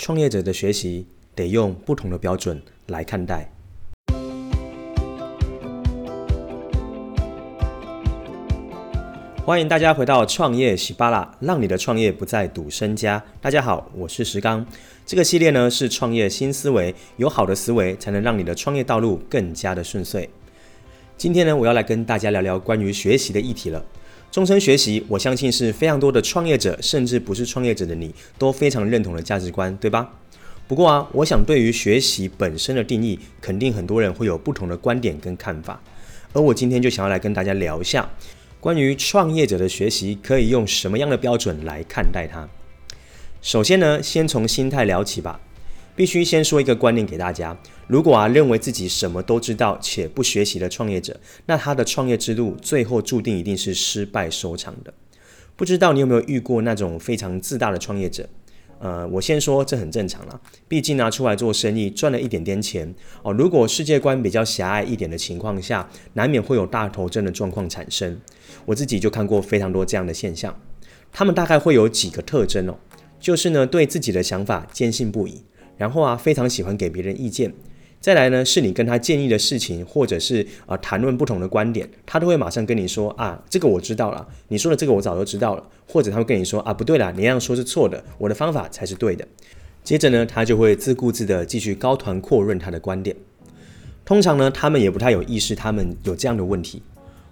創業者的學習得用不同的標準來看待。歡迎大家回到創業喜巴拉，讓你的創業不再賭身家。大家好，我是石剛。這個系列呢，是創業心思維，有好的思維才能讓你的創業道路更加的順遂。今天呢，我要來跟大家聊聊關於學習的議題了。終身學習，我相信是非常多的創業者，甚至不是創業者的你都非常認同的價值觀，對吧？不過啊，我想對於學習本身的定義，肯定很多人會有不同的觀點跟看法。而我今天就想要來跟大家聊一下，關於創業者的學習可以用什麼樣的標準來看待它。首先呢，先從心態聊起吧。必須先說一個觀念給大家：如果啊認為自己什麼都知道且不學習的創業者，那他的創業之路最後注定一定是失敗收場的。不知道你有沒有遇過那種非常自大的創業者？呃，我先說這很正常啦，畢竟拿、啊、出來做生意賺了一點點錢哦、呃。如果世界觀比較狹隘一點的情況下，難免會有大頭症的狀況產生。我自己就看過非常多這樣的現象，他們大概會有幾個特徵哦，就是呢對自己的想法堅信不疑。然後啊，非常喜歡給別人意見。再來呢，是你跟他建議的事情，或者是呃談論不同的觀點，他都會馬上跟你說啊，這個我知道了，你說的這個我早就知道了。或者他會跟你說啊，不對啦，你那樣說是錯的，我的方法才是對的。接着呢，他就會自顧自的繼續高談闊論他的觀點。通常呢，他們也不太有意識，他們有這樣的問題。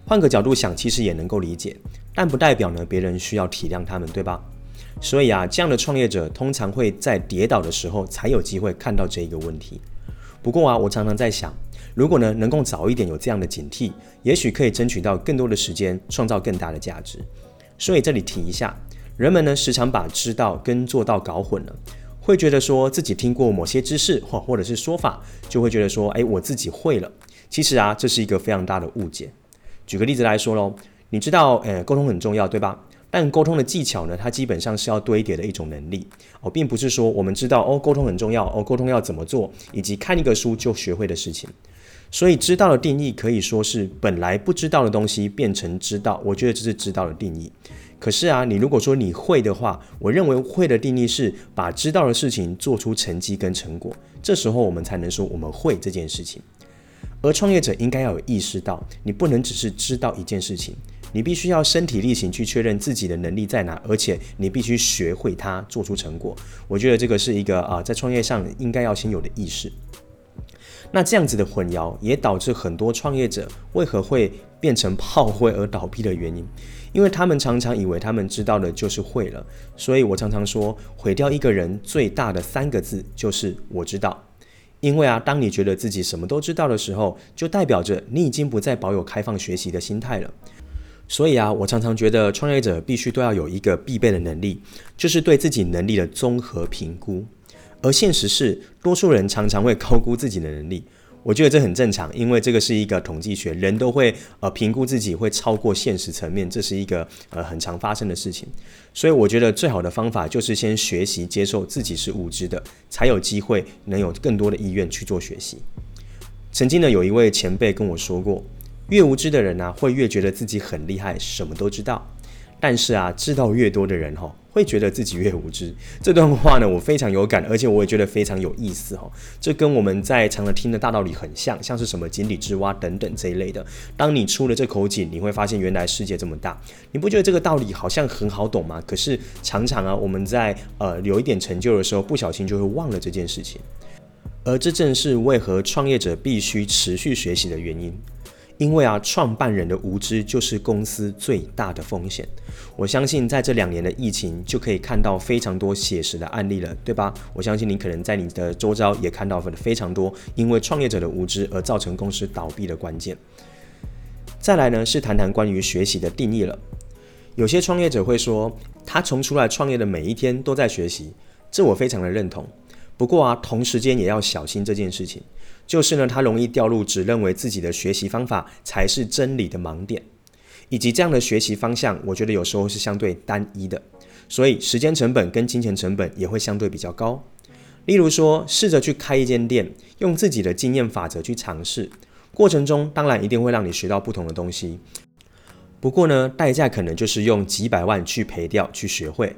換個角度想，其實也能夠理解，但不代表呢，別人需要體諒他們，對吧？所以啊，這樣的創業者通常會在跌倒的時候才有機會看到這一個問題。不過啊，我常常在想，如果呢，能夠早一點有這樣的警惕，也許可以爭取到更多的時間，創造更大的價值。所以這裡提一下，人們呢，時常把知道跟做到搞混了，會覺得說自己聽過某些知識或或者是說法，就會覺得說，欸，我自己會了。其實啊，這是一個非常大的誤解。舉個例子來說嘍，你知道，欸，溝通很重要，對吧？但溝通的技巧呢，它基本上是要堆疊的一種能力哦，並不是說我們知道哦，溝通很重要哦，溝通要怎麼做，以及看一個書就學會的事情。所以，知道的定義可以說是本來不知道的東西變成知道，我覺得這是知道的定義。可是啊，你如果說你會的話，我認為會的定義是把知道的事情做出成績跟成果，這時候我們才能說我們會這件事情。而創業者應該要有意識到，你不能只是知道一件事情。你必須要身體力行去確認自己的能力在哪，而且你必須學會它，做出成果。我覺得這個是一個啊，在創業上應該要先有的意識。那這樣子的混淆也導致很多創業者為何會變成炮灰而倒閉的原因，因為他們常常以為他們知道的就是會了。所以我常常說，毀掉一個人最大的三個字就是我知道。因為啊，當你覺得自己什麼都知道的時候，就代表着你已經不再保有開放學習的心態了。所以啊，我常常覺得創業者必須都要有一個必備的能力，就是對自己能力的綜合評估。而現實是，多數人常常會高估自己的能力。我覺得這很正常，因為這個是一個統計學，人都會呃評估自己會超過現實層面，這是一個呃很常發生的事情。所以我覺得最好的方法就是先學習，接受自己是無知的，才有機會能有更多的意願去做學習。曾經呢，有一位前輩跟我說過。越無知的人呢、啊，會越覺得自己很厲害，什麼都知道。但是啊，知道越多的人哈、哦，會覺得自己越無知。這段話呢，我非常有感，而且我也覺得非常有意思哈、哦。這跟我們在常常聽的大道理很像，像是什麼井底之蛙等等這一類的。當你出了這口井，你會發現原來世界這麼大。你不覺得這個道理好像很好懂嗎？可是常常啊，我們在呃有一點成就的時候，不小心就會忘了這件事情。而這正是為何創業者必須持續學習的原因。因為啊，創辦人的無知就是公司最大的風險。我相信在這兩年的疫情，就可以看到非常多寫實的案例了，對吧？我相信你可能在你的周遭也看到了非常多因為創業者的無知而造成公司倒閉的關鍵。再來呢，是談談關於學習的定義了。有些創業者會說，他從出來創業的每一天都在學習，這我非常的認同。不過啊，同時間也要小心這件事情，就是呢，它容易掉入只認為自己的學習方法才是真理的盲點，以及這樣的學習方向，我覺得有時候是相對單一的，所以時間成本跟金錢成本也會相對比較高。例如說，試着去開一間店，用自己的經驗法則去嘗試，過程中當然一定會讓你學到不同的東西。不過呢，代價可能就是用幾百萬去賠掉，去學會。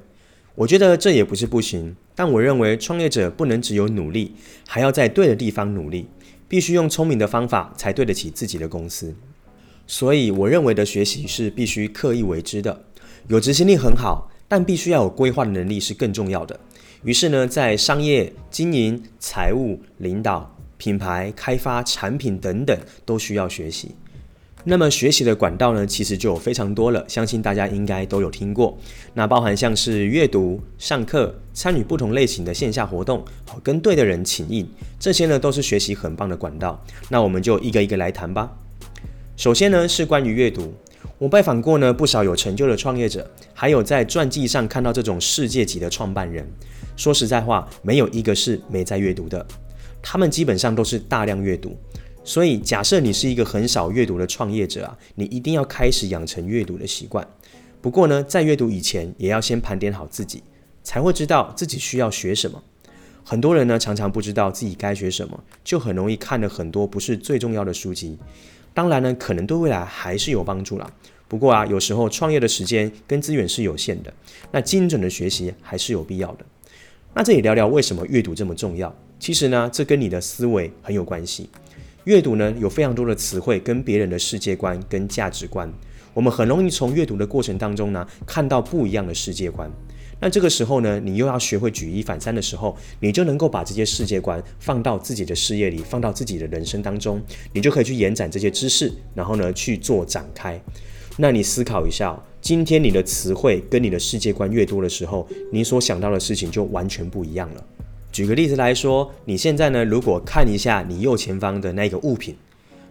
我覺得這也不是不行。但我認為，創業者不能只有努力，還要在對的地方努力，必須用聰明的方法才對得起自己的公司。所以，我認為的學習是必須刻意為之的。有執行力很好，但必須要有規劃的能力是更重要的。於是呢，在商業經營、財務、領導、品牌開發、產品等等，都需要學習。那麼學習的管道呢，其實就有非常多了，相信大家應該都有聽過。那包含像是閱讀、上課、參與不同類型的線下活動、跟對的人請益，這些呢都是學習很棒的管道。那我們就一個一個來談吧。首先呢是關於閱讀，我拜訪過呢不少有成就的創業者，還有在傳記上看到這種世界級的創辦人，說實在話，沒有一個是沒在閱讀的，他們基本上都是大量閱讀。所以，假設你是一個很少閱讀的創業者啊，你一定要開始養成閱讀的習慣。不過呢，在閱讀以前，也要先盤點好自己，才會知道自己需要學什麼。很多人呢，常常不知道自己該學什麼，就很容易看了很多不是最重要的書籍。當然呢，可能對未來還是有幫助啦。不過啊，有時候創業的時間跟資源是有限的，那精準的學習還是有必要的。那這裡聊聊為什麼閱讀這麼重要？其實呢，這跟你的思維很有關係。閱讀呢，有非常多的詞彙跟別人的世界觀跟價值觀，我們很容易從閱讀的過程當中呢，看到不一樣的世界觀。那這個時候呢，你又要學會舉一反三的時候，你就能夠把這些世界觀放到自己的事業裡，放到自己的人生當中，你就可以去延展這些知識，然後呢去做展開。那你思考一下，今天你的詞彙跟你的世界觀越多的時候，你所想到的事情就完全不一樣了。舉個例子來說，你現在呢，如果看一下你右前方的那個物品，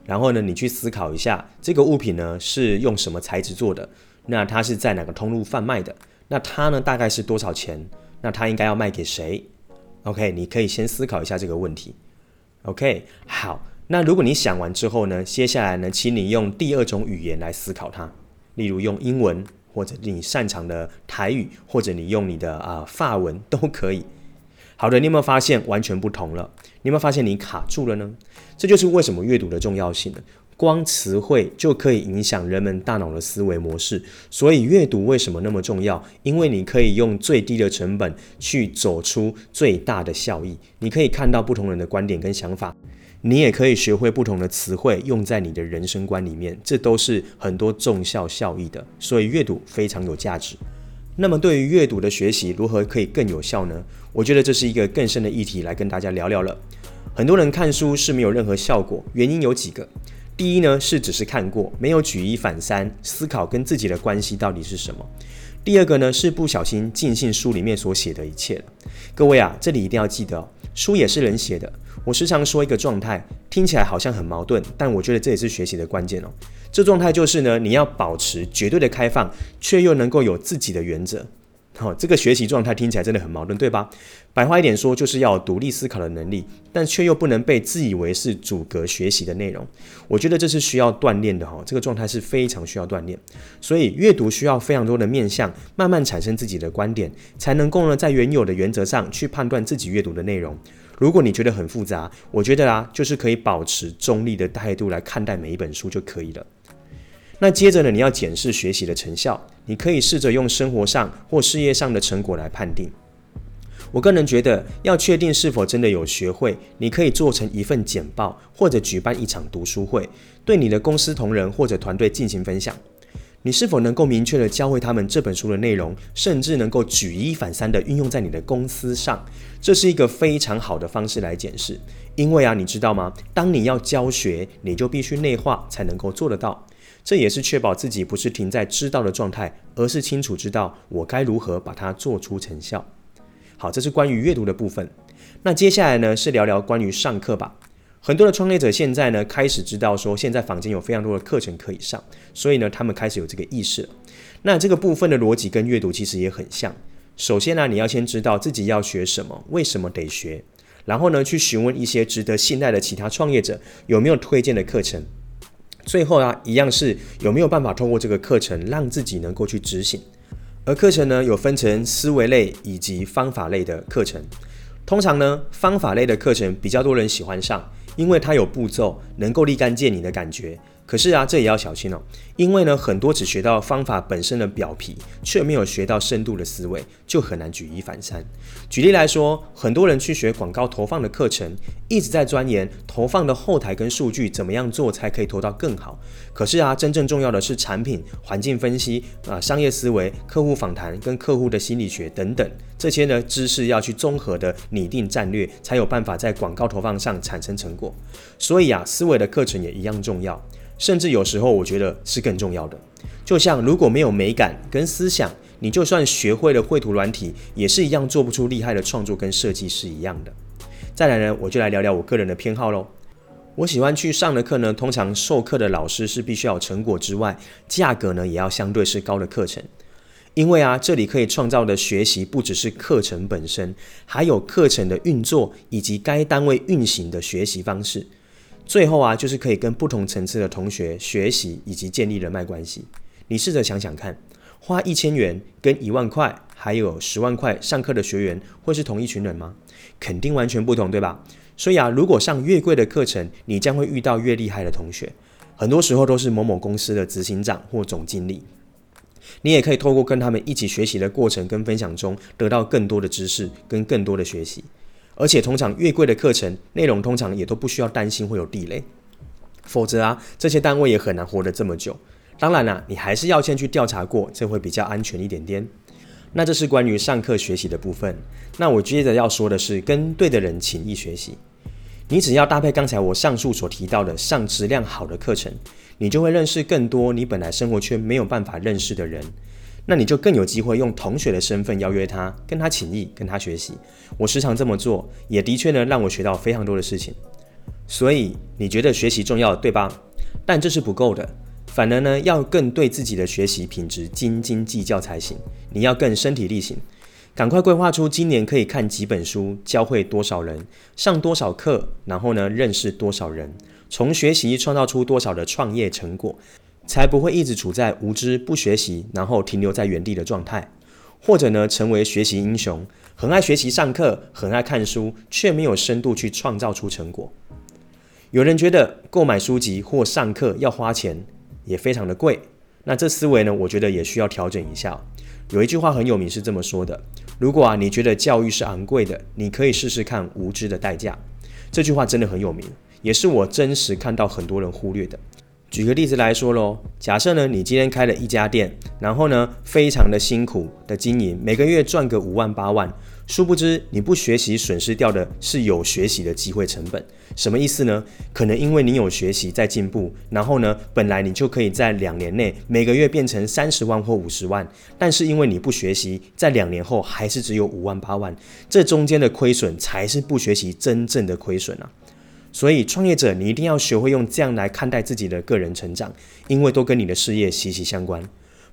然後呢，你去思考一下這個物品呢是用什麼材質做的，那它是在哪個通路販賣的，那它呢大概是多少錢，那它應該要賣給誰？OK，你可以先思考一下這個問題。OK，好，那如果你想完之後呢，接下來呢，請你用第二種語言來思考它，例如用英文，或者你擅長的台語，或者你用你的啊、呃、法文都可以。好的，你有沒有發現完全不同了？你有沒有發現你卡住了呢？這就是為什麼閱讀的重要性了。光詞彙就可以影響人們大腦的思維模式，所以閱讀為什麼那麼重要？因為你可以用最低的成本去走出最大的效益。你可以看到不同人的觀點跟想法，你也可以學會不同的詞彙，用在你的人生觀裡面，這都是很多重效效益的。所以閱讀非常有價值。那麼對於閱讀的學習，如何可以更有效呢？我覺得這是一個更深的議題，來跟大家聊聊了。很多人看書是沒有任何效果，原因有幾個。第一呢，是只是看過，沒有舉一反三，思考跟自己的關係到底是什麼。第二個呢，是不小心盡信書裡面所寫的一切。各位啊，這裡一定要記得哦。書也是人寫的。我時常說一個狀態，聽起來好像很矛盾，但我覺得這也是學習的關鍵哦。這狀態就是呢，你要保持絕對的開放，卻又能夠有自己的原則。好，這個學習狀態聽起來真的很矛盾，對吧？白話一點說，就是要獨立思考的能力，但卻又不能被自以為是阻隔學習的內容。我覺得這是需要鍛鍊的哈，這個狀態是非常需要鍛鍊。所以閱讀需要非常多的面向，慢慢產生自己的觀點，才能夠呢在原有的原則上去判斷自己閱讀的內容。如果你覺得很複雜，我覺得啊，就是可以保持中立的態度來看待每一本書就可以了。那接着呢，你要檢視學習的成效，你可以試着用生活上或事業上的成果來判定。我個人覺得，要確定是否真的有學會，你可以做成一份簡報，或者舉辦一場讀書會，對你的公司同仁或者團隊進行分享。你是否能夠明確地教會他們這本書的內容，甚至能夠舉一反三地運用在你的公司上？這是一個非常好的方式來檢視，因為啊，你知道嗎？當你要教學，你就必須內化才能夠做得到。這也是確保自己不是停在知道的狀態，而是清楚知道我該如何把它做出成效。好，這是關於閱讀的部分。那接下來呢，是聊聊關於上課吧。很多的創業者現在呢，開始知道說現在坊間有非常多的課程可以上，所以呢，他們開始有這個意識。那這個部分的邏輯跟閱讀其實也很像。首先呢，啊，你要先知道自己要學什麼，為什麼得學，然後呢，去詢問一些值得信賴的其他創業者有沒有推薦的課程。最後啊，一樣是有沒有辦法通過這個課程，讓自己能夠去執行。而課程呢，有分成思維類以及方法類的課程。通常呢，方法類的課程比較多人喜歡上，因為它有步驟，能夠立竿見影的感覺。可是啊，這也要小心哦，因為呢，很多只學到方法本身的表皮，卻沒有學到深度的思維，就很難舉一反三。舉例來說，很多人去學廣告投放的課程，一直在鑽研投放的後台跟數據怎麼樣做才可以投到更好。可是啊，真正重要的是產品環境分析啊、商業思維、客戶訪談跟客戶的心理學等等這些呢，知識要去綜合的擬定戰略，才有辦法在廣告投放上產生成果。所以啊，思維的課程也一樣重要。甚至有時候我覺得是更重要的。就像如果沒有美感跟思想，你就算學會了繪圖軟體，也是一樣做不出厲害的創作跟設計是一樣的。再來呢，我就來聊聊我個人的偏好嘍。我喜歡去上的課呢，通常授課的老師是必須要有成果之外，價格呢也要相對是高的課程。因為啊，這裡可以創造的學習不只是課程本身，還有課程的運作以及該單位運行的學習方式。最後啊，就是可以跟不同層次的同學學習以及建立人脈關係。你試着想想看，花一千元跟一萬塊還有十萬塊上課的學員，會是同一群人嗎？肯定完全不同，對吧？所以啊，如果上越貴的課程，你將會遇到越厲害的同學。很多時候都是某某公司的執行長或總經理。你也可以透過跟他們一起學習的過程跟分享中，得到更多的知識跟更多的學習。而且通常越貴的課程內容，通常也都不需要擔心會有地雷，否則啊，這些單位也很難活得這麼久。當然啦、啊，你還是要先去調查過，這會比較安全一點點。那這是關於上課學習的部分。那我接着要說的是，跟對的人一起學習，你只要搭配剛才我上述所提到的上質量好的課程，你就會認識更多你本來生活圈沒有辦法認識的人。那你就更有機會用同學的身份邀約他，跟他請益，跟他學習。我時常這麼做，也的確呢讓我學到非常多的事情。所以你覺得學習重要，對吧？但這是不夠的，反而呢要更對自己的學習品質斤斤計較才行。你要更身體力行，趕快規劃出今年可以看幾本書，教會多少人，上多少課，然後呢認識多少人，從學習創造出多少的創業成果。才不會一直處在無知、不學習，然後停留在原地的狀態，或者呢，成為學習英雄，很愛學習、上課，很愛看書，卻沒有深度去創造出成果。有人覺得購買書籍或上課要花錢，也非常的貴。那這思維呢，我覺得也需要調整一下。有一句話很有名，是這麼說的：如果啊，你覺得教育是昂貴的，你可以試試看無知的代價。這句話真的很有名，也是我真實看到很多人忽略的。舉個例子來說咯，假設呢，你今天開了一家店，然後呢，非常的辛苦的經營，每個月賺個五萬八萬，殊不知你不學習損失掉的是有學習的機會成本。什麼意思呢？可能因為你有學習在進步，然後呢，本來你就可以在兩年內每個月變成三十萬或五十萬，但是因為你不學習，在兩年後還是只有五萬八萬，這中間的虧損才是不學習真正的虧損啊。所以，創業者，你一定要學會用這樣來看待自己的個人成長，因為都跟你的事業息息相關。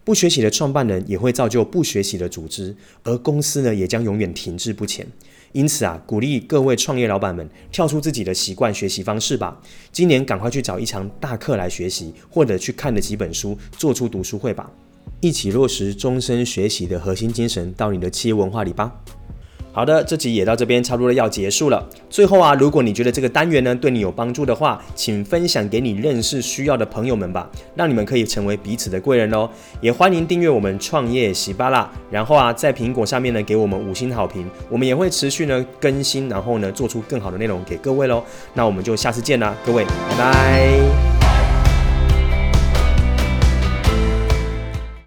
不學習的創辦人也會造就不學習的組織，而公司呢，也將永遠停滯不前。因此啊，鼓勵各位創業老闆們跳出自己的習慣學習方式吧。今年趕快去找一場大課來學習，或者去看的幾本書，做出讀書會吧，一起落實終身學習的核心精神到你的企業文化裡吧。好的，這集也到這邊差不多要結束了。最後啊，如果你覺得這個單元呢對你有幫助的話，請分享給你認識需要的朋友們吧，讓你們可以成為彼此的貴人哦。也歡迎訂閱我們創業洗巴拉，然後啊，在蘋果上面呢給我們五星好評，我們也會持續呢更新，然後呢做出更好的內容給各位嘍。那我們就下次見啦，各位，拜拜。